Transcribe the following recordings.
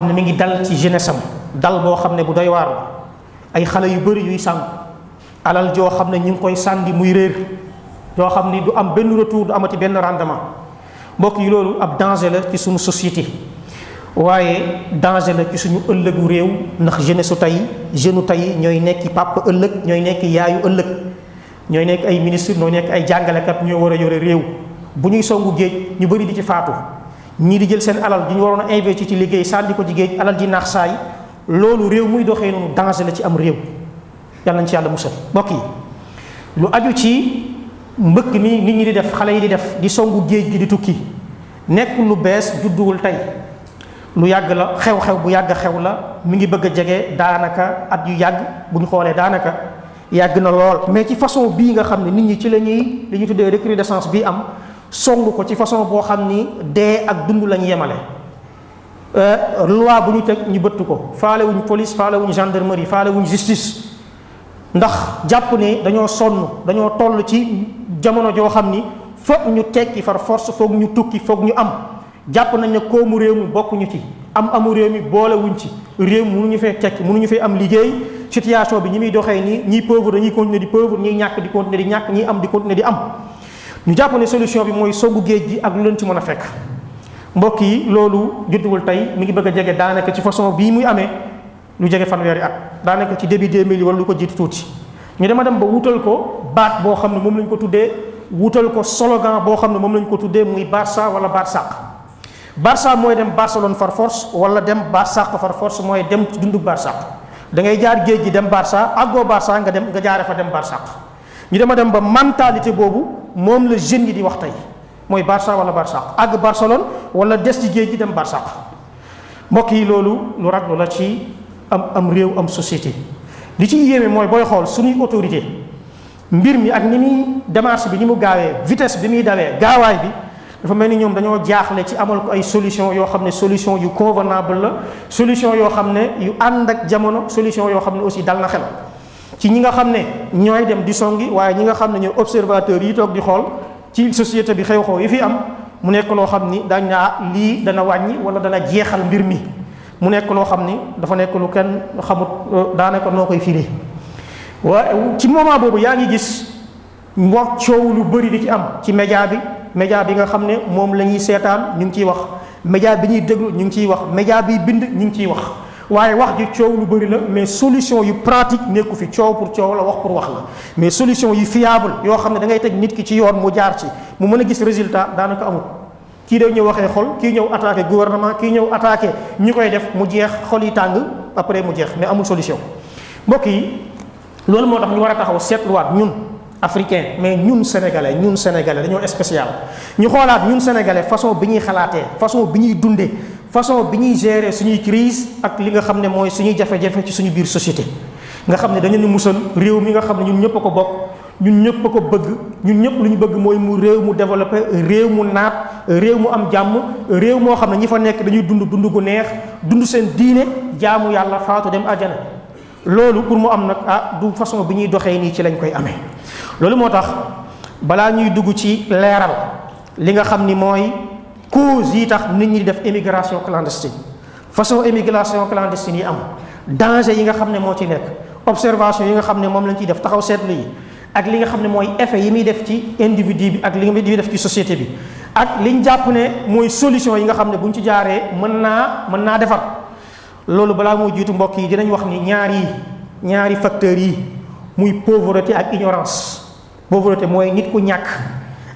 ne mi ngi dal ci jeunesse am dal boo xam ne bu doy waar ay xale yu bëri yuy sànq alal joo xam ne ñu ngi koy sàndi muy réer yoo xam ni du am benn retour du amati benn rendement mbokk yi loolu ab danger la ci suñu société waaye danger la ci suñu ëllëgu réew ndax jeunesse su tey jeune tey ñooy nekk papa ëllëg ñooy nekk yaayu ëllëg ñooy nekk ay ministre ñooy nekk ay jàngalekat ñoo war a yore réew bu ñuy songu géej ñu bëri di ci faatu ñii di jël seen alal di ñu waroon a investir ci liggéey sànni ko ci géej alal ji naax saay loolu réew muy doxee noonu danger la ci am réew yàlla nañ ci yàlla musal mbokk yi lu aju ci mbëkk mi nit ñi di def xale yi di def di songu géej gi di tukki nekk lu bees judduwul tey lu yàgg la xew-xew bu yàgg xew la mi ngi bëgg a jege daanaka at yu yàgg bu ñu xoolee daanaka yàgg na lool mais ci façon bii nga xam ne nit ñi ci la ñuy li ñuy tuddee recrudescence bii am song ko ci façon boo xam ni dee ak dund lañ yemale euh, loi bu ñu teg ñu bëtt ko faale wuñ police faale wuñ gendarmerie faale wuñ justice ndax jàpp ne dañoo sonn dañoo toll ci jamono joo xam ni foog ñu tekki far force foog ñu tukki foog ñu am jàpp nañ ne koomu réew mi bokkuñu ci am amu réew mi boole wuñ ci réew mi mënuñu fee tekki mënuñu fee am liggéey situation bi ñi muy doxee nii ñii pauvre dañuy continuer di pauvre ñii ñàkk di continuer di ñàkk ñii am di continuer di am ñu jàpp ne solution bi mooy soggu géej gi ak lu leen ci mën a fekk mbokk yi loolu judduwul tey mu ngi bëgg a jege daanaka ci façon bii muy amee lu jege fanweeri at daanaka ci début 2000 wala lu ko jiitu tuuti ñu dama dem ba wutal ko baat boo xam ne moom lañ ko tuddee wutal ko slogan boo xam ne moom lañ ko tuddee muy Barça wala Barsaq Barça mooy dem Barcelone far force wala dem Barsaq far force mooy dem dundu Barsaq da ngay jaar géej gi dem Barça àggoo Barça nga dem nga jaare fa dem Barsaq ñu dama dem ba mentalité boobu moom la jeunes yi di wax tey mooy Barça wala Barsaq àgg Barcelone wala des ci géej dem Barsaq mbokk yi loolu lu raglu la ci am am réew am société li ci yéeme mooy booy xool suñuy autorité mbir mi ak ni muy démarche bi ñu mu gaawee vitesse bi muy dawee gaawaay bi dafa mel ni ñoom dañoo jaaxle ci amal ko ay solution yoo xam ne solution yu convenable la solution yoo xam ne yu ànd ak jamono solution yoo xam ne aussi dal na xel ci ñi nga xam ne ñooy dem di songi waaye ñi nga xam ne ñooy observateurs yi toog di xool ci société bi xew-xew yi fi am mu nekk loo xam ni dañ naa dana wàññi wala dana jeexal mbir mi mu nekk loo xam ni dafa nekk lu kenn xamut euh, daanaka noo koy firee waaye ci moment boobu yaa ngi gis wax coow lu bëri di ci am ci média bi média bi nga xam ne moom la ñuy seetaan ñu ngi ciy wax média bi ñuy déglu ñu ngi ciy wax média bi bind ñu ngi ciy wax waaye wax ji coow lu bëri la mais solution yu pratique nekku fi coow pour coow la wax pour wax la mais solution yu fiable yoo xam ne dangay teg nit ki ci yoon mu jaar ci mu mën a gis résultat daanaka amul kii de ñëw waxee xol kii ñëw attaqué gouvernement kii ñëw attaqué ñu koy def mu jeex xol yi tàng après mu jeex mais amul solution mbokk yi loolu moo tax ñu war a taxaw seetluwaat ñun africain mais ñun sénégalais ñun sénégalais dañoo spécial ñu xoolaat ñun sénégalais façon bi ñuy xalaatee façon bi ñuy dundee façon bi ñuy gérer suñuy crise ak li nga xam ne mooy suñuy jafe-jafe ci suñu biir société nga xam ne dañu ne musal réew mi nga xam ne ñun ñëpp a ko bokk ñun ñëpp a ko bëgg ñun ñëpp lu ñu bëgg mooy mu réew mu développé réew mu naat réew mu am jàmm réew moo xam ne ñi fa nekk dañuy dund dund gu neex dund seen diine jaamu yàlla faatu dem àjjana loolu pour mu am nag ah du façon bi ñuy doxee nii ci lañ koy amee loolu moo tax balaa ñuy dugg ci leeral li nga xam ni mooy cause yi tax nit ñi def émigration clandestine façon émigration clandestine yi am danger yi nga xam ne moo ci nekk observation yi nga xam ne moom lañ ciy def taxaw seetlu yi ak li nga xam ne mooy effet yi muy def ci individu bi ak li muy def ci société bi ak liñ jàpp ne mooy solution yi nga xam ne buñ ci jaaree mën naa mën naa defar loolu balaa mooy jiitu mbokk yi dinañ wax ni ñaari ñaari facteurs yi muy pauvreté ak ignorance pauvreté mooy nit ku ñàkk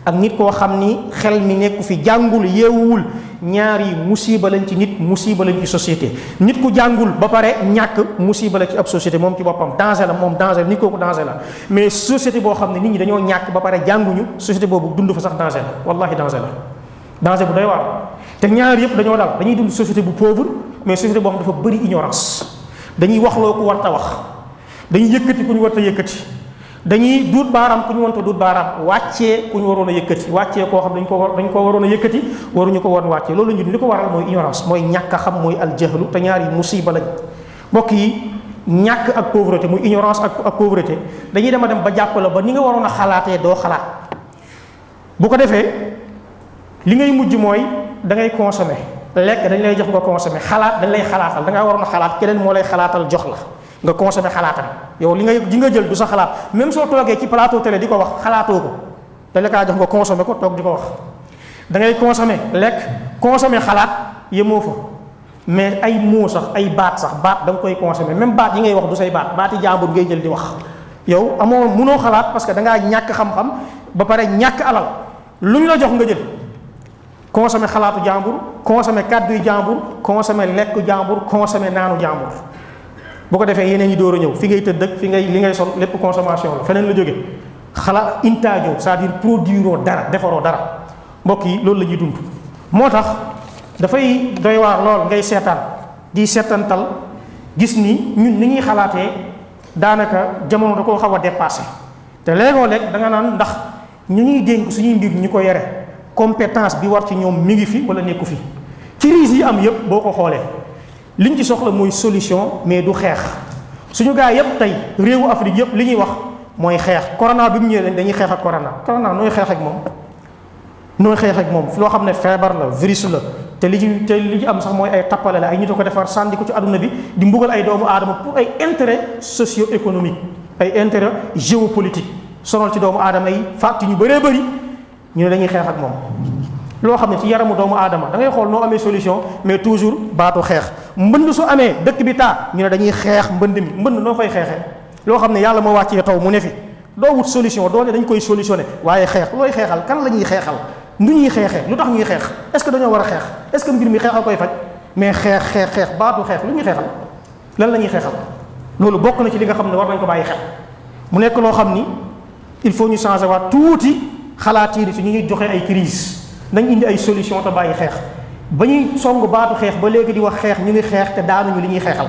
ak nit koo xam ni xel mi nekku fi jàngul yeewuwul ñaari musiba lañ ci nit musiba lañ ci société nit ku jàngul ba pare ñàkk musiba la ci ak société moom ci boppam danger la moom danger la nit kooku danger la mais société boo xam ne nit ñi dañoo ñàkk ba pare jànguñu société boobu dund fa sax danger la wallahi danger la danger bu doy waar te ñaar yëpp dañoo dal dañuy dund société bu pauvre mais société boo xam dafa bëri ignorance dañuy wax loo ku warta wax dañuy yëkkati ku ñu warta yëkkati dañuy duut baaraam ku ñu wonte duut baaraam wàccee ku ñu waroon a yëkkati wàccee koo xam dañ ko dañ ko waroon a yëkkati waruñu ko woon wàccee loolu ñu li ko waral mooy ignorance mooy ñàkk a xam mooy aljahlu te ñaar yi musiba lañ mbokk yi ñàkk ak pauvreté muy ignorance ak ak pauvreté dañuy dem a dem ba jàpp la ba ni nga waroon a xalaatee doo xalaat bu ko defee li ngay mujj mooy dangay ngay consommer lekk dañ lay jox nga consommer xalaat dañ lay xalaatal da ngaa waroon a xalaat keneen moo lay xalaatal jox la nga consommé xalaatam yow li nga ji nga jël du sa xalaat même soo toogee ci plateau télé di ko wax xalaatoo ko dañ la kaa jox nga consommé ko toog di ko wax da ngay consommé lekk consommé xalaat yemoo fa mais ay moo sax ay baat sax baat da koy consommé même baat yi ngay wax du say baat baati jaambur ngay jël di wax yow amoo munoo xalaat parce que dangaa ñàkk xam ba pare ñàkk alal lu ñu la jox nga jël consommé xalaatu jaambur consommé kàdduy jaambur consommé lekk jaambur consommé naanu jaambur bu ko defee yeneen yi door a ñëw fi ngay tëdd ak fi ngay li ngay sol lépp consommation la feneen la jóge xala intaajo sa à dire produiroo dara defaroo dara mbokk yi loolu la ñuy dund moo tax dafay doy waar lool ngay seetaan di seetantal gis ni ñun ni ñuy xalaatee daanaka jamono da koo xaw a dépassé te léegoo léeg da nga naan ndax ñu ñuy dénk suñuy mbir ñu ko yore compétence bi war ci ñoom mi ngi fi wala nekku fi crise yi am yëpp boo ko xoolee liñ ci soxla mooy solution mais du xeex suñu gaa yépp tey réewu Afrique yépp li ñuy wax mooy xeex corona bi mu ñëwee dañuy xeex ak corona corona nooy xeex ak moom nooy xeex ak moom loo xam ne feebar la virus la te li ci te li ci am sax ay tappale ay nit a ko defar sànni ko ci àdduna bi di ay doomu aadama pour ay intérêt socio-économique ay intérêt géopolitique sonal ci doomu aadama yi fàtt ñu bëree bëri ñu ne dañuy xeex ak moom loo xam ne ci yaramu doomu aadama da ngay xool noo amee solution mais toujours baatu xeex mbënd su amee dëkk bi taa ñu ne dañuy xeex mbënd mi mbënd noo koy xeexee loo xam ne yàlla moo wàccee taw mu ne fi doo wut solution doo ne dañ koy solutionné waaye xeex looy xeexal kan la ñuy xeexal nu ñuy xeexee lu tax ñuy xeex est-ce que dañoo war a xeex est-ce que mbir mi xeex a koy faj mais xeex xeex xeex baatu xeex lu ñuy xeexal lan la ñuy xeexal loolu bokk na ci li nga xam ne war nañ ko bàyyi xel mu nekk loo xam ni il faut ñu changer waat tuuti xalaat fi ci ñu ñuy joxe ay crise dañ indi ay solution te bàyyi xeex ba ñuy song baatu xeex ba léegi di wax xeex ñu ngi xeex te daanuñu li ñuy xeexal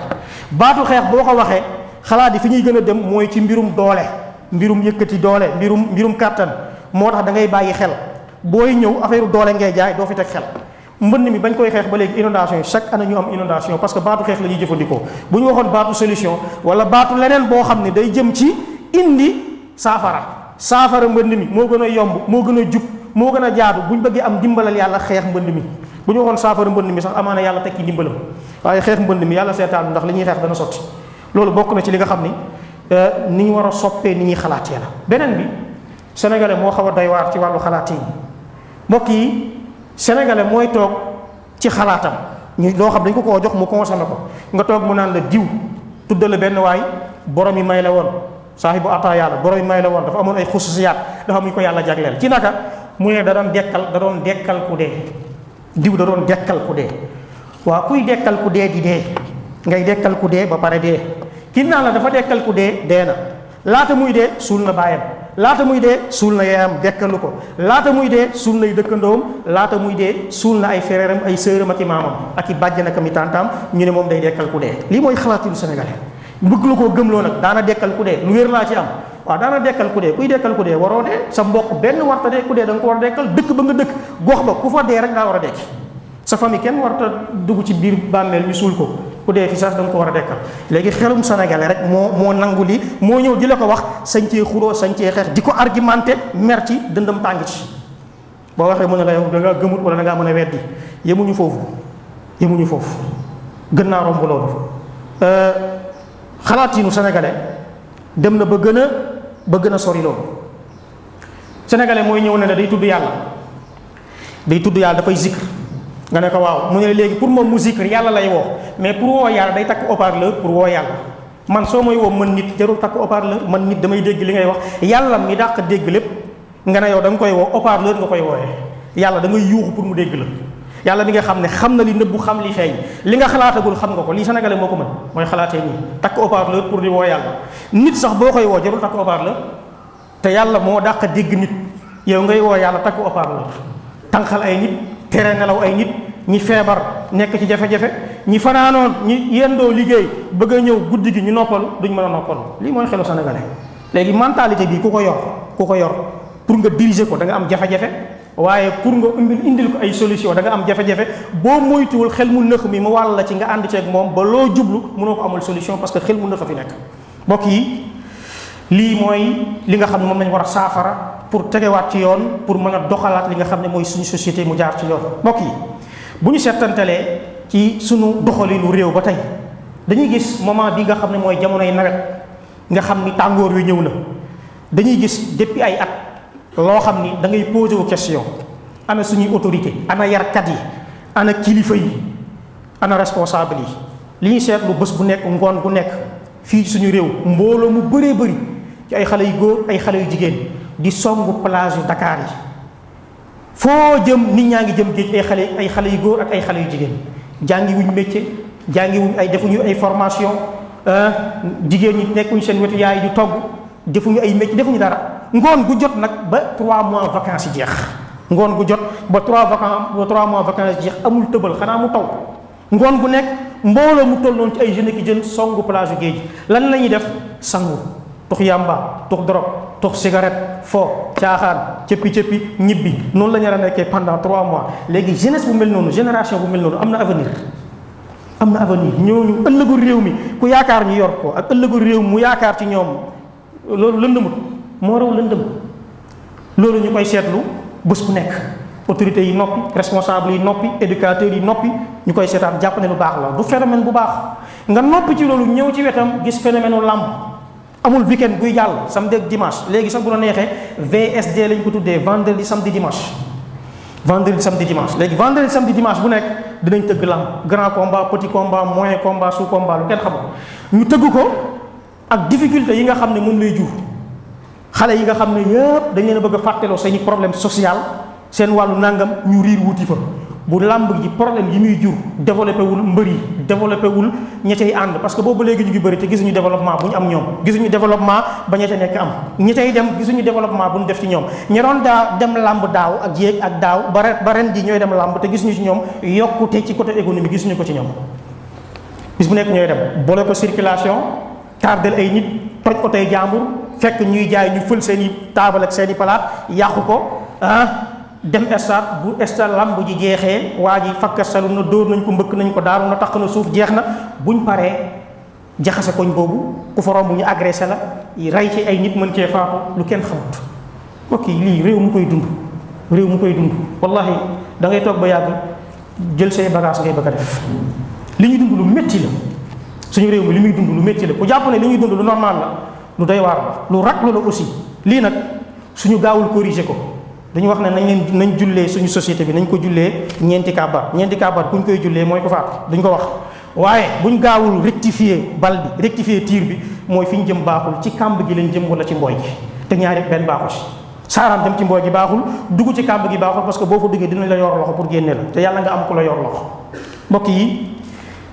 baatu xeex boo ko waxee xalaat yi fi ñuy gën a dem mooy ci mbirum doole mbirum yëkkati doole mbirum mbirum kàttan moo tax dangay bàyyi xel booy ñëw affaire doole ngay jaay doo fi teg xel mbënn mi bañ koy xeex ba léegi inondation yi chaque année ñu am inondation parce que baatu xeex la ñuy jëfandikoo bu ñu waxoon baatu solution wala baatu leneen boo xam ne day jëm ci indi saafara saafara mbënn moo gën a yomb moo gën a jub moo gën a jaadu buñ bëggee am dimbalal yàlla xeex mbënd mi bu ñu waxoon saafara mbënd mi sax amaana yàlla ki ndimbalam waaye xeex mbënd mi yàlla seetaan ndax li ñuy xeex dana sotti loolu bokk na ci li nga xam ni euh, ni ñu war a soppee ni ñuy xalaatee la beneen bi sénégalais moo xaw a doy waar ci wàllu xalaat yi mbokk yi sénégalais mooy toog ci xalaatam ñu loo xam dañ ko koo jox mu consommé ko nga toog mu naan la diw tuddal la benn waay borom yi may la woon saaxibu ataa yàlla borom yi may la woon dafa amoon ay xususiyaat dafa amuñ ko yàlla jagleel ci naka mu ne da doon dekkal da doon dekkal ku dee diw da doon dekkal ku dee waaw kuy dekkal ku dee di dee ngay dekkal ku dee ba pare dee naa la dafa dekkal ku dee dee na laata muy dee suul na baayam laata muy dee suul na yaayam dekkalu ko laata muy dee suul nay dëkkandoom laata muy dee suul na ay fereeram ay sëram ak i maamam ak i bàjjan ak i tantaam ñu ne moom day dekkal ku dee lii mooy xalaatinu Sénégalais bëgg la koo gëmloo nag daana dekkal ku dee lu wér laa ci am waaw daana dekkal ku dee kuy dekkal ku dee waroo dee sa mbokk benn warta dee ku dee da nga ko war a dekkal dëkk ba nga dëkk gox ba ku fa dee rek daa war a dekki sa famille kenn warta dugg ci biir bàmmeel ñu suul ko ku dee fi sax da ko war a dekkal léegi xelum sénégalais rek moo moo nangu li moo ñëw di la ko wax sañ cee xuloo sañ cee xeex di ko argumenté mer ci dëndam tàng ci boo waxee mu ne la yow da ngaa gëmut wala da ngaa mën a weddi yemuñu foofu yemuñu foofu gën naa romb loolu euh, xalaat ba ba gën a sori loolu sénégalais mooy ñëw ne ne day tudd yàlla day tudd yàlla dafay sikk nga ne ko waaw mu ne léegi pour moom mu zikr yàlla lay woo mais pour woo yàlla day takk haut pour woo yàlla man soo may woo man nit jarul takk haut-parleur man nit damay dégg li ngay wax yàlla mi dàq dégg lépp nga ne yow da nga koy woo haut nga koy wooyee yàlla da ngay yuuxu pour mu dégg la yàlla mi nga xam ne xam na li nëbbu xam li feeñ li nga xalaatagul xam nga ko lii sénégalais moo ko mën mooy xalaatee nii takk haut-parleur pour di woo yàlla nit sax boo koy woo jarul takk haut-parleur te yàlla moo dàq dégg nit yow ngay woo yàlla takk haut-parleur tànqal ay nit tere nelaw ay nit ñi feebar nekk ci jafe-jafe ñi fanaanoon ñi yendoo liggéey bëgg a ñëw guddi gi ñu noppalu duñ mën a noppalu lii mooy xelu sénégalais léegi mentalité bii ku ko yor ku ko yor pour nga diriger ko da nga am jafe waaye pour nga indil indil ko ay solution da nga am jafe-jafe boo moytuwul xel mu nëx mi ma wàll la ci nga ànd ceeg moom ba loo jublu mënoo ko amul solution parce que xel mu nëx a fi nekk mbokk yi lii mooy li nga xam ne moom lañ war a saafara pour tegewaat ci yoon pour mën a doxalaat li nga xam ne mooy suñu société mu jaar ci yoon mbokk yi bu ñu seetantalee ci suñu doxalinu réew ba tey dañuy gis moment bi nga xam ne mooy jamonoy nawet nga xam ni tàngoor wi ñëw na gis depuis ay at loo xam ni da ngay posé wu question ana suñuy autorité ana yarkat yi ana kilifa yi ana responsable yi li ñu lu bés bu nekk ngoon bu nekk fii suñu réew mbooloo mu bëree bari ci ay xale yu góor ay xale yu jigéen di songu plage yu Dakar yi foo jëm nit ñaa ngi jëm géej ay xale ay xale yu góor ak ay xale yu jigéen jàngi wuñ métier jàngi wuñ ay defuñu ay formation jigéen ñi nekkuñ seen wetu yaay di togg defuñu ay métier defuñu dara ngoon gu jot nag ba trois mois vacances yi jeex ngoon gu jot ba trois vacances ba trois mois vacances yi jeex amul tëbal xanaa mu taw ngoon gu nekk mbooloo mu toll noonu ci ay jeunes ki jën songu plage géej lan la ñuy def sangu tux yàmba tux drogue tux cigarette fo caaxaan cëppi cëppi ñibbi noonu la ñu war a trois mois léegi jeunesse bu mel noonu génération bu mel noonu am na avenir am na avenir ñooñu ëllëgu réew mi ku yaakaar ñu yor ko ak ëllëgu réew mu yaakaar ci ñoom loolu lëndëmut moo raw lëndëm loolu ñu koy seetlu bés bu nekk autorités yi noppi responsable yi noppi éducateurs yi noppi ñu koy seetaan jàpp ne lu baax la du phénomène bu baax nga noppi ci loolu ñëw ci wetam gis phénomène làmp làmb amul weekend buy jàll samedi ak dimanche léegi sax bu la neexee VSD lañ ko tuddee vendredi samedi dimanche vendredi samedi dimanche léegi vendredi samedi dimanche bu nekk dinañ tëgg làmb grand combat petit combat moyen combat sous combat lu kenn xamul ñu tëgg ko ak difficulté yi nga xam ne moom lay jur xale yi nga xam ne yëpp dañ leen bëgg a fàtteloo seeni problème social seen wàllu nàngam ñu riir wuti fa bu làmb ji problème yi muy jur développé wul mbër yi développé wul ña ànd parce que boobu léegi ñu ngi bëri te gisuñu développement bu ñu am gisuñu développement ba ña nekk am ña cay gisuñu développement bu ñu def ci ñoom ña doon daa dem làmb daaw ak jéeg ak daaw ba ren ji ñooy dem làmb te gisuñu ci ñoom yokkute ci côté économique gisuñu ko ci ñoom gis bu nekk ñooy dem boole ko circulation tardel ay nit toj otoy jàmbur fekk ñuy jaay ñu fël seeni i taabal ak seen palaat yàqu ko ah dem stade bu stade lamb ji jeexee waa ji fakkasalu na dóor nañ ko mbëkk nañ ko daaru na taq na suuf jeex na buñ paree jaxase koñ boobu ku fa romb ñu agressé la rey ci ay nit mën cee faatu lu kenn xamut ok lii réew mu koy dund réew mu koy dund wallahi da ngay toog ba yàgg jël say bagage ngay bëgg a def li ñuy dund lu métti la suñu réew mi li muy dund lu métti la ku jàpp ne li ñuy dund lu normal la lu doy waar la lu raglu la aussi lii nag suñu gaawul corriger ko dañu wax ne nañ leen nañ jullee suñu societé bi nañ ko jullee ñeenti kàbbar ñeenti kàbbar kuñ koy jullee mooy ko faatu duñ ko wax waaye buñ gaawul rectifier bal bi rectifier tiir bi mooy fi ñu jëm baaxul ci kàmb gi lañ jëm wala ci mbooy gi te ñaari benn baaxul si saaraan dem ci mbooy gi baaxul dugg ci kàmb gi baaxul parce que boo fa duggee dina la yor loxo pour génne la te yàlla nga am ku la yor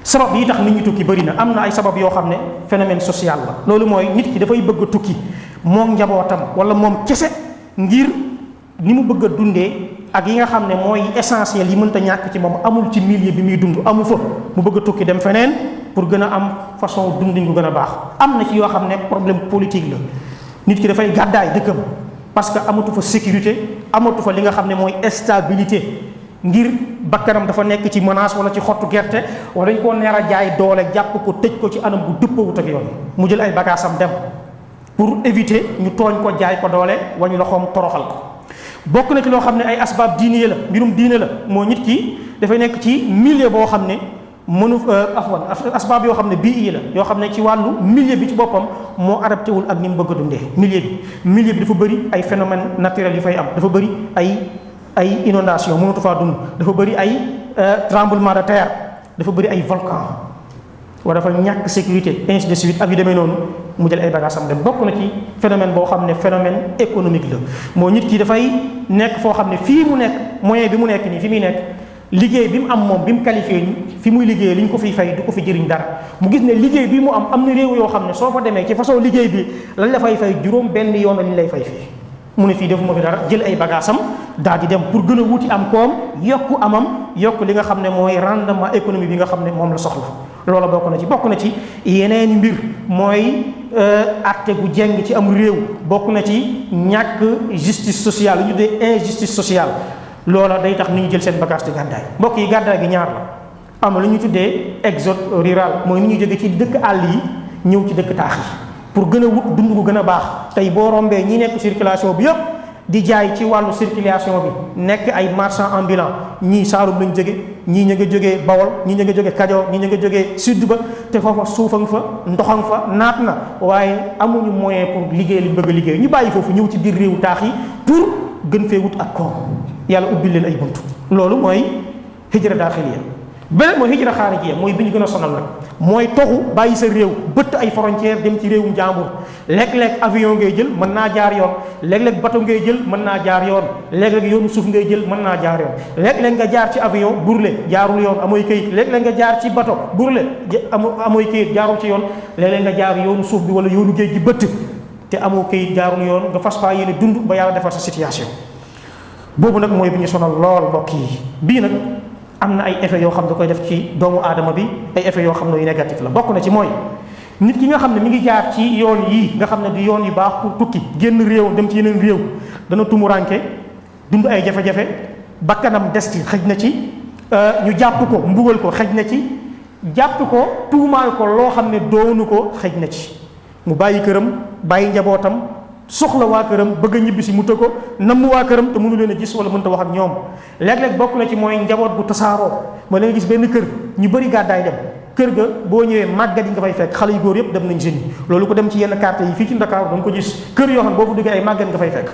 sabab yi tax nit ñu tukki bari na am na ay sabab yoo xam ne phénomène social la loolu mooy nit ki dafay bëgg tukki moom njabootam wala moom kese ngir ni mu bëgg a dundee ak yi nga xam ne mooy essentiel yi mënta ñàkk ci moom amul ci millier bi muy dund amu fa mu bëgg tukki dem feneen pour gën a am façon dundin bu gën a baax am na ci yoo xam ne problème politique la nit ki dafay gàddaay dëkkam parce que amatu fa sécurité amatu fa li nga xam ne mooy stabilité ngir bakkanam dafa nekk ci menace wala ci xottu gerte wala dañ koo neer a jaay doole jàpp ko tëj ko ci anam bu dëppawut ak yoon mu jël ay bagaasam dem pour éviter ñu tooñ ko jaay ko doole wañu loxoom toroxal ko bokk na ci loo xam ne ay asbaab diine la mbirum diine la moo ñit ki dafay nekk ci milieu boo xam ne mënu euh, afwan asbaab yoo xam ne bii yi la yoo xam ne ci wàllu milieu bi ci boppam moo adapté wul ak ni mu bëgg a dundee milieu bi milieu dafa bëri ay phénomène naturel yu fay am dafa bëri ay ay inondation mënatu faa dund dafa bëri ay euh, tremblement de terre dafa bëri ay volcan wala dafa ñàkk sécurité ainsi de suite ak yu demee noonu mu jël ay bagages am dem bokk na ci phénomène boo xam ne phénomène économique la moo nit ki dafay nekk foo xam ne fii mu nekk moyen bi mu nekk nii fi muy nekk liggéey bi mu am moom bi mu qualifié fi muy liggéey li ñu ko fiy fay du ko fi jëriñ dara mu gis ne liggéey bi mu am am na réew yoo xam ne soo fa demee ci façon liggéey bi lañ la fay fay juróom benn yoon lañ lay fay fii mu ne fii defuma fi dara jël ay bagaasam daal di dem pour gën a wuti am koom yokku amam yokk li nga xam ne mooy rendement économie bi nga xam ne moom la soxla loola bokk na ci bokk na ci yeneen mbir mooy euh, atte gu jeng ci am réew bokk na ci ñàkk justice sociale lu ñu dee injustice sociale loola day tax ni ñu jël seen bagage di gàddaay mbokk yi gàddaay gi ñaar la am lu ñu tuddee exode rural mooy ni ñu jóge ci dëkk àll yi ñëw ci dëkk taax yi pour gën a wut dund ko gën a baax tey boo rombee ñi nekk circulation bi yëpp di jaay ci wàllu circulation bi nekk ay marchand ambulant ñii Saalum lañ jóge ñii ñu nga jógee Bawol ñii ñu nga jógee Kajoor ñii ñu nga jógee sud ba te foofa suufang fa ndoxang fa naat na waaye amuñu moyen pour liggéey liñ bëgg a liggéey ñu bàyyi foofu ñëw ci biir réewu taax yi pour gën fee wut ak koom yàlla ubbil leen ay bunt loolu mooy hijra daaxiliya beneen mooy hijra xaarijiya mooy bi ñu gën a sonal nag mooy toxu bàyyi sa réew bëtt ay frontière dem ci réewum jàmbur léeg-léeg avion ngay jël mën naa jaar yoon léeg-léeg bateau ngay jël mën naa jaar yoon léeg-léeg yoonu suuf ngay jël mën naa jaar yoon léeg nga jaar ci avion burle jaarul yoon amooy këyit léeg-léeg nga jaar ci bateau burle amooy këyit jaarul ci yoon léeg-léeg nga jaar yoonu suuf bi wala yoonu géej gi bëtt te amoo këyit jaarul yoon nga fas faa yéene dund ba yàlla defar sa situation boobu nag mooy bi ñu sonal lool mbokk yi am na ay effets yoo xam da koy def ci doomu aadama bi ay effets yoo xam ne yu négatif la bokk na ci mooy nit ki nga xam ne mu ngi jaar ci yoon yii nga xam ne du yoon yi baax pour tukki génn réew dem ci yeneen réew dana tumuranke dund ay jafe-jafe bakkanam des ci xëj na ci euh, ñu jàpp ko mbugal ko xëj na ci jàpp ko tuumaal ko loo xam ne doonu ko xëj na ci mu bàyyi këram bàyyi njabootam soxla waa këram bëgg a ñibbisi mu të ko namm waa këram te mënu leen a gis wala mënut a wax ak ñoom léeg-léeg bokk na ci mooy njaboot bu tasaaroo ma la nga gis benn kër ñu bëri gàddaay dem kër ga boo ñëwee màggat yi nga fay fekk xale yu góor yëpp dem nañ jeunes yi loolu ko dem ci yenn quartier yi fii ci Ndakaaru danga ko gis kër yoo xam ne boo fa duggee ay màggat nga fay fekk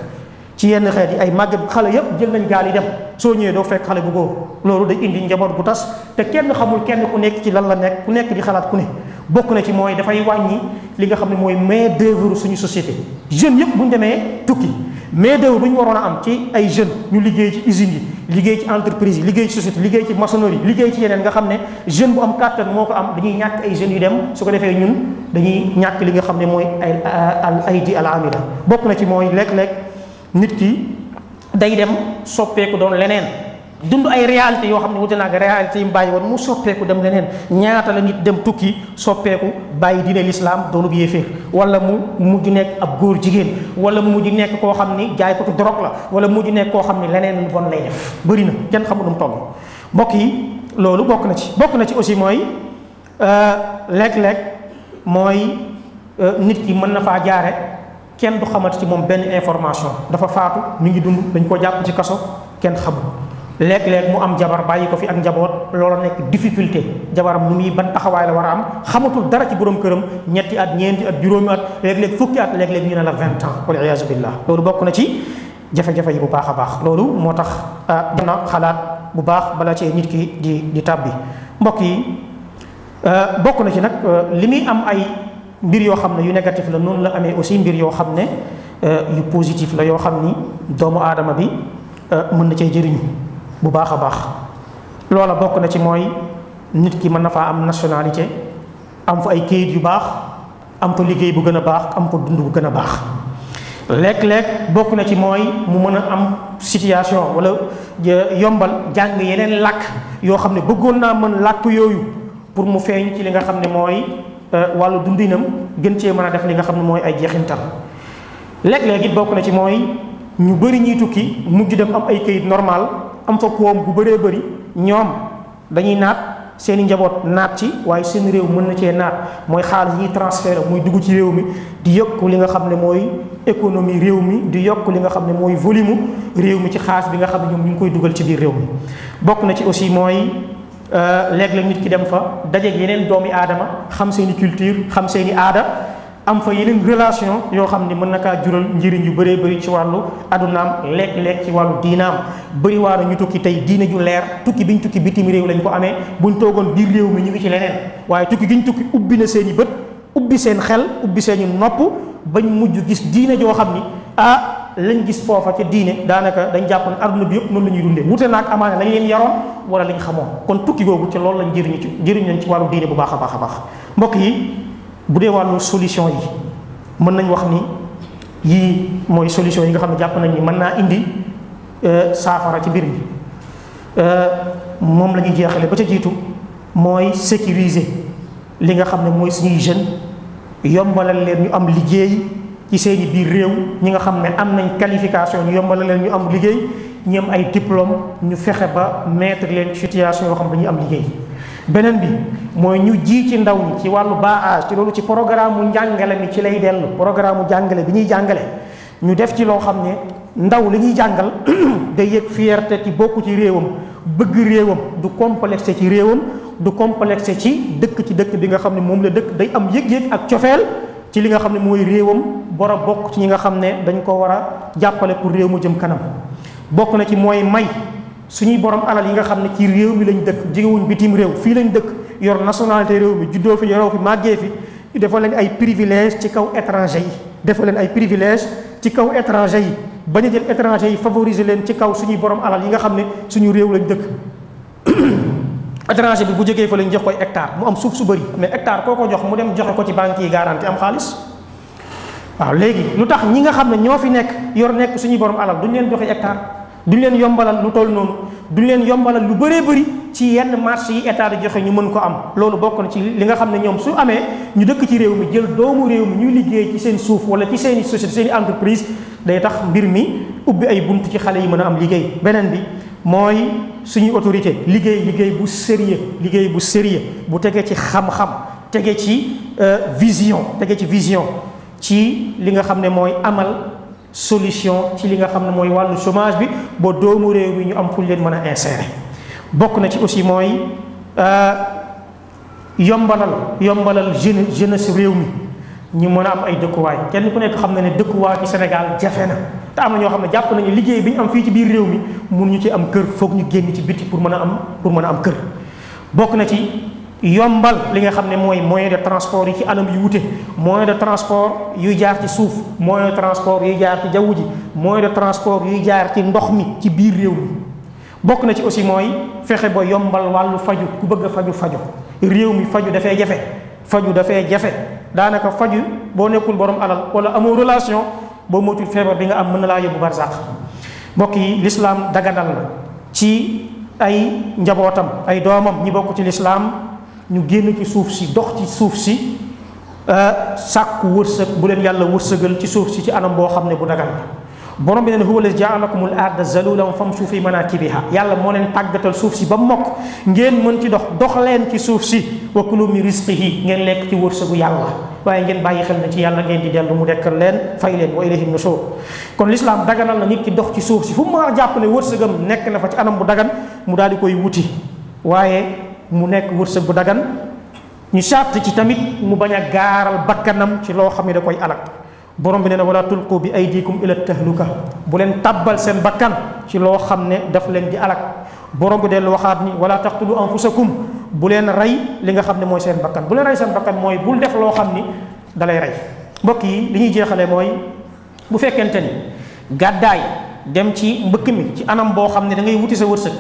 ci yenn xeet yi ay màggat xale yëpp jël nañ gaal yi dem soo ñëwee doo fekk xale bu góor loolu day indi njaboot bu tas te kenn xamul kenn ku nekk ci lan la nekk ku nekk di xalaat ku ne bokk na ci mooy dafay wàññi li nga xam ne mooy main d'œuvre suñu société jeunes yëpp bu ñu demee tukki mais d'œuvre bu ñu waroon a am ci ay jeunes ñu liggéey ci usines yi liggéey ci entreprise yi liggéey ci société liggéey ci maçonnerie liggéey ci yeneen nga xam ne jeune bu am kàttan moo ko am dañuy ñàkk ay jeunes yu dem su ko defee ñun dañuy ñàkk li nga xam ne mooy ay al aydi al amila bokk na ci mooy léeg-léeg nit ki day dem soppeeku doon leneen. dund ay réalité yoo xam ne wute naa ak réalité yi bàyyi woon mu soppeeku dem leneen ñaata la nit dem tukki soppeeku bàyyi diine lislaam doonub yéeféer wala mu mujj nekk ab góor jigéen wala mu mujj nekk koo xam ni jaay kotu drogue la wala mujj nekk koo xam ni leneen bon lay def bëri na kenn xamul nu mu toll mbokk yi loolu bokk na ci bokk na ci aussi mooy euh, léeg-léeg mooy euh, nit ki mën na faa jaare kenn du xamante ci moom benn information dafa faatu mi ngi dund dañ ko jàpp ci kaso kenn xamul léeg-léeg mu am jabar bàyyi ko fi ak njaboot loola nekk difficulté jabaram mu muy ban taxawaay la war a am xamatul dara ci borom këram ñetti at ñeenti at juróomi at léeg-léeg fukki at léeg-léeg ñu ne la vingt ans wal iyaazu billah loolu bokk na ci jafe yi bu baax a baax loolu moo tax ah, dana xalaat bu baax bala cee nit ki di di tàbbi mbokk yi ah, bokk na ci nag ah, li muy am ay mbir yoo xam ne yu négatif la noonu la amee aussi mbir yoo xam ne yu positif la yoo xam ni doomu aadama bi mën na cee jëriñu bu baax a baax loola bokk na ci mooy nit ki mën na faa am nationalité am fa ay kayit yu baax am fa liggéey bu gën a baax am fa dund bu gën a baax léeg-léeg bokk na ci mooy mu mën a am situation wala yombal jàng yeneen làkk yoo xam ne bëggoon naa mën làkk yooyu pour mu feeñ ci li nga xam ne mooy euh, wàllu dundinam gën cee mën a def li nga xam ne mooy ay jeexintal léeg-léeg bokk na ci mooy ñu bëri ñuy tukki mujj dem am ay kayit normal am fa koom gu bëree bëri ñoom dañuy naat seen i njaboot naat ci waaye seen réew mën na cee naat mooy xaalis yi transféré muy dugg ci réew mi di yokk li nga xam ne mooy économie réew mi di yokk li nga xam ne mooy volume réew mi ci xaalis bi nga xam ne ñoom ñu ngi koy dugal ci biir réew mi. bokk na ci aussi mooy euh, léeg-léeg nit ki dem fa dajeeg yeneen doomi aadama xam seen i culture xam seen aada. am fa yeneen relation yoo xam ni mën na kaa jural njëriñ yu bëree bëri ci wàllu adunaam lekk-lekk ci wàllu diinaam bëri waa na ñu tukki tey diine ju leer tukki bi biñ tukki bitim réew lañ ko amee bu ñu toogoon biir réew mi ñu ngi ci leneen waaye tukki giñ tukki ubbi na seen i bët ubbi seen xel ubbi seen i nopp bañ mujj gis diine joo xam ni ah lañ gis foofa ca diine daanaka dañ jàpp ne adduna bi yëpp noonu la ñuy dundee wute naag amaane lañ leen yaroon wala lañ xamoon kon tukki googu ci loolu lañ jëriñ lañ ci wàllu diine bu baax a baax a baax mbokk yi bu dee wàllu solution yi mën nañ wax ni yii mooy solution yi nga xam ne jàpp nañ ni mën naa indi euh, saafara ci mbir mi euh, moom la ñuy jeexale ba ca jiitu mooy sécuriser li nga xam ne mooy suñuy jeunes yombalal leen ñu am liggéey ci seeni biir réew ñi nga xam ne am nañ qualification yomba yombalal leen ñu am liggéey ñi ay diplôme ñu fexe ba mettre leen situation yoo xam dañuy am liggéey beneen bi mooy ñu ji ci ndaw ñi ci wàllu baaage ci loolu ci programme mu njàngale mi ci lay dellu programme mu jàngale bi ñuy jàngale ñu def ci loo xam ne ndaw li ñuy jàngal day yëg fierté ci bokk ci réewam bëgg réewam du complexé ci réewam du complexé ci dëkk ci dëkk bi nga xam ne moom la dëkk day am yëg-yëg ak cofeel ci li nga xam ne mooy réewam bor bokk ci ñi nga xam ne dañ ko war a jàppale pour réew mu jëm kanam bokk na ci mooy may suñuy borom alal yi nga xam ne ci réew mi lañ dëkk jigewuñ bitim réew fii lañ dëkk yor nationalité réew mi juddoo fi yoroo fi maggee fi defal leen ay privilège ci kaw étranger yi defal leen ay privilège ci kaw étranger yi bañ a jël étranger yi favoriser leen ci kaw suñuy borom alal yi nga xam ne suñu réew lañ dëkk étranger bi bu jógee fa lañ jox koy hectare mu am suuf su mais hectare koo ko jox mu dem joxe ko ci banque yi garanti am xaalis waaw léegi lu tax ñi nga xam ne ñoo fi nekk yor nekk suñu borom alal duñ leen joxe hectare duñ leen yombalal lu toll noonu duñ leen yombalal lu bëree bëri ci yenn marché yi état di joxe ñu mën ko am loolu bokk na ci li nga xam ne ñoom su amee ñu dëkk ci réew mi jël doomu réew mi ñuy liggéey ci seen suuf wala ci seen i société seen entreprise day tax mbir mi ubbi ay bunt ci xale yi mën a am liggéey beneen bi mooy suñuy autorité liggéey liggéey bu sérieux liggéey bu sérieux bu tegee ci xam-xam ci euh, vision tege ci vision ci li nga xam ne mooy amal solution ci li nga xam ne mooy wàllu chômage bi boo doomu réew mi ñu am fu leen mën a insérer bokk na ci aussi mooy euh, yombalal yombalal jeune jeunesse réew mi ñu mën a am ay dëkkuwaay kenn ku nekk xam na ne dëkkuwaay ci Sénégal jafe na te am ñoo xam ne jàpp nañu liggéey bi ñu am fii ci biir réew mi mun ñu ci am kër foog ñu génn ci biti pour mën a am pour mën a am kër bokk na ci. yombal li nga xam ne mooy moyen de transport yi ci anam yu wute moyen de transport yuy jaar ci suuf moyen de transport yuy jaar ci jaww ji moyen de transport yuy jaar ci ndox mi ci biir réew mi bokk na ci aussi mooy fexe ba yombal wàllu faju ku bëgg faju faju réew mi faju dafay jafe faju dafay jafe daanaka faju boo nekkul borom alal wala amoo relation boo moytul feebar bi nga am mën na laa yóbbu barzaq mbokk yi lislaam daganal la ci ay njabootam ay doomam ñi bokk ci lislaam ñu génn ci suuf si dox ci suuf si euh, sàkku wërsëg bu leen yàlla wërsëgal ci suuf si ci anam boo xam ne bu dagal la borom bi neen huwa allazi jaalakumul arda zalulan famshu fi manakibiha yàlla moo leen tàggatal suuf si ba mokk ngeen mën ci dox dox leen ci suuf si wa kulu min rizqihi ngeen lekk ci wërsëgu yàlla waaye ngeen bàyyi xel na ci yàlla ngeen di dellu mu dekkal leen fay leen wa ilayhi nusur kon lislaam daganal na nit ki dox ci suuf si fu mu mën a jàpp ne wërsëgam nekk na fa ci anam bu dagan mu daal di koy wuti waaye mu nekk wërsëg bu dagan ñu sàrt ci tamit mu bañ a gaaral bakkanam ci loo xam ne da koy alak borom bi nee na wala tulqu bi aydikum ila tahluka bu leen tabbal seen bakkan ci loo xam ne daf leen di alak borom bi dellu waxaat ni wala taqtulu anfusakum bu leen rey li nga xam ne mooy seen bakkan bu leen rey seen bakkan mooy bul def loo xam ni dalay rey mbokk yi li ñuy jeexale mooy bu fekkente ni gàddaay dem ci mbëkk mi ci anam boo xam ne da ngay wuti sa wërsëg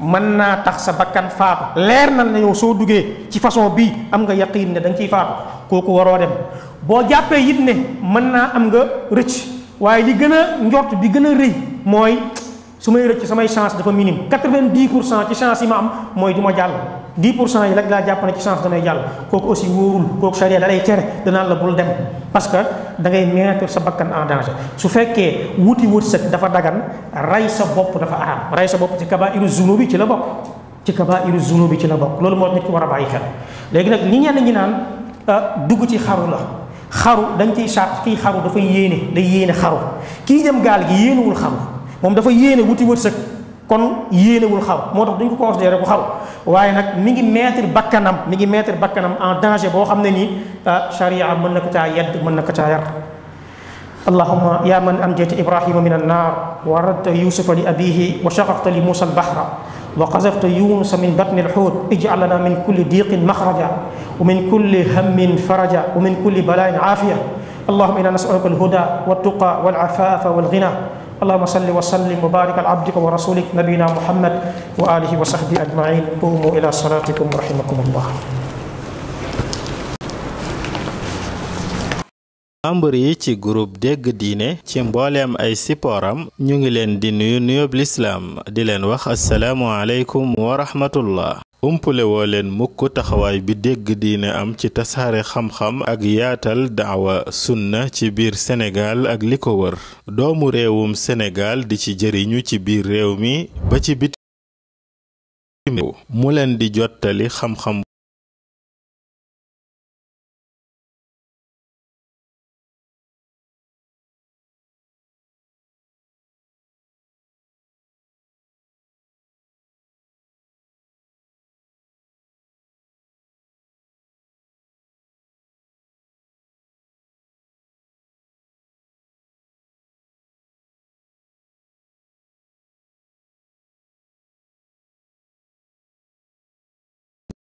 mën naa tax sa bakkan faatu leer na la yow soo duggee ci façon bii am nga yaqiin ne da nga ciy faatu kooku waroo dem boo jàppee it ne mën naa am nga rëcc waaye li gën a njort bi gën a rëy mooy su may rëcc samay chance dafa minime quatre-vingt-dix pour cent ci chance yi ma am mooy du jàll di pour cent yi rek laa jàpp ne ci chance damay jàll kooku aussi wóorul kooku charia da lay tere danaan la bul dem parce que da ngay sa bakkan en danger su fekkee wuti wërsëg dafa dagan rey sa bopp dafa araam rey sa bopp ci kabaa'iru zunubi ci la bokk ci kabaa'iru zunubi ci la bokk loolu moo nit ki war a bàyyi xel léegi nag ñi ñenn ñi naan euh, dugg ci xaru la xaru dañ ciy sart kii xaru dafay yéene day yéene xaru kii dem gaal gi yéenewul xaru moom dafa yéene wuti wërsëg kon yéenewul xaru moo tax duñ ko considéré ku xaru waaye nag mi ngi mettre bakkanam mi ngi mettre bakkanam en danger boo xam ne nii charia ah, mën na ko caa yedd mën na ko caa yar allahuma ya man amjayta ibrahima min annaar wa radta yusufa li abihi wa shaqaqta li musa albahra wa qazafta yunusa min batni alxuut ij'al lana min kulli diiqin maxraja wa min kulli hammin faraja wa min kulli balaain aafiya allahuma inna nas'aluka alhuda waltuqa walafaafa walghina allahuma salli wa sallim wa barik ala abdika wa rasulik nabiyina muhammad wa yi ci groupe dégg diine ci mbooleem ay sipooram ñu ngi leen di nuyu nuyoob lislaam di leen wax asalaamu aleykum wa umpule woo leen mukk taxawaay bi dégg diine am ci tasaare xam-xam ak yaatal daawa sunna ci biir senegaal ak li ko wër doomu réewum Sénégal di ci jëriñu ci biir réew mi ba ci biti mu leen di jottali xam-xam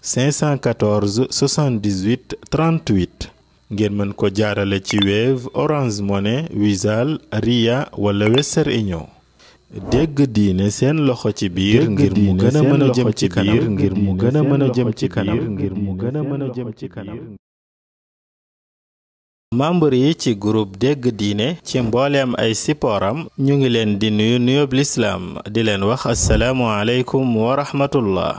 514 78 38 ngeen mën ko jaarale ci Wave Orange Money Wizall Ria wala Western Union dégg diine seen loxo ci biir ngir mu gën a mën a jëm ci kanam ngir mu gën a mën a jëm ci kanam ngir mu gën a mën a jëm ci kanam membre yi ci groupe dégg diine ci mbooleem ay sippooram ñu ngi leen di nuyu nuyoob lislaam di leen wax asalaamu aleykum wa rahmatullah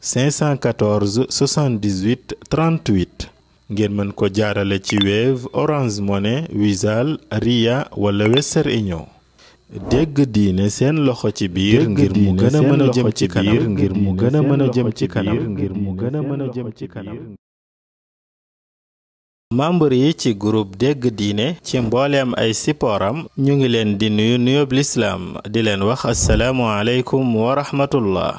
514 78 38 ngeen mën ko jaarale ci Wave Orange Money Wizall Ria wala Western Union. dégg diine seen loxo ci biir ngir mu gëna mëna jëm ci kanam ngir mu gëna mëna jëm ci kanam ngir mu gën a jëm ci kanam. yi ci groupe dégg diine ci mbooleem ay sippooram ñu ngi leen di nuyu nuyoob lislaam di leen wax asalaamu aleykum wa rahmatullah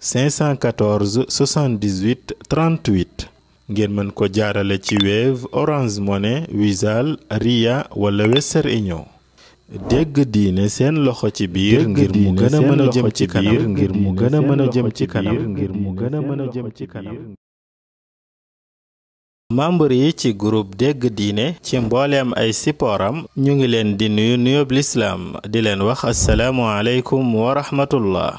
514 78 38 ngeen mën ko jaarale ci Wave Orange Money Wizall Ria wala Western Union dégg diine seen loxo ci biir ngir mu gën a mën a jëm ci kanam ngir mu gën a mën a jëm ci kanam ngir mu gën a mën a jëm ci kanam membre yi ci groupe dégg diine ci mbooleem ay sippooram ñu ngi leen di nuyu nuyoob lislaam di leen wax asalaamu aleykum wa rahmatullah